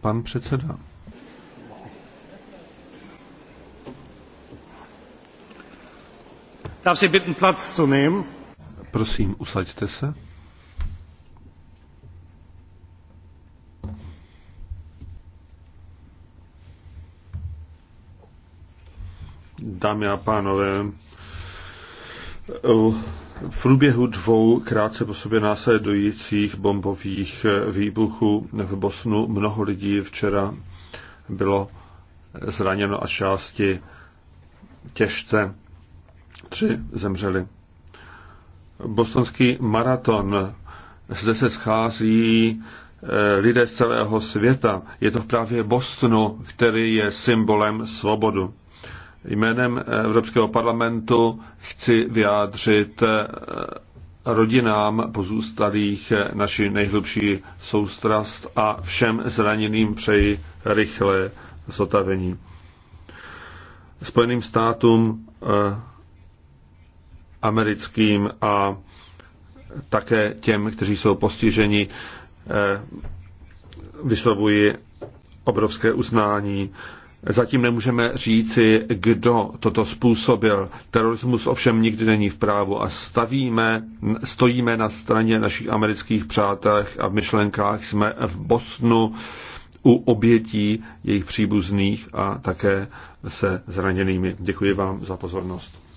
Pan předseda. Darf Sie bitten, Platz zu nehmen? Prosím, usaďte se. Dámy a pánové, v průběhu dvou krátce po sobě následujících bombových výbuchů v Bosnu mnoho lidí včera bylo zraněno a části těžce. Tři zemřeli. Bostonský maraton. Zde se schází eh, lidé z celého světa. Je to právě Bostonu, který je symbolem svobodu. Jménem eh, Evropského parlamentu chci vyjádřit eh, rodinám pozůstalých eh, naši nejhlubší soustrast a všem zraněným přeji rychlé zotavení. Spojeným státům americkým a také těm, kteří jsou postiženi, vyslovuji obrovské uznání. Zatím nemůžeme říci, kdo toto způsobil. Terorismus ovšem nikdy není v právu a stavíme, stojíme na straně našich amerických přátel a v myšlenkách jsme v Bosnu u obětí jejich příbuzných a také se zraněnými. Děkuji vám za pozornost.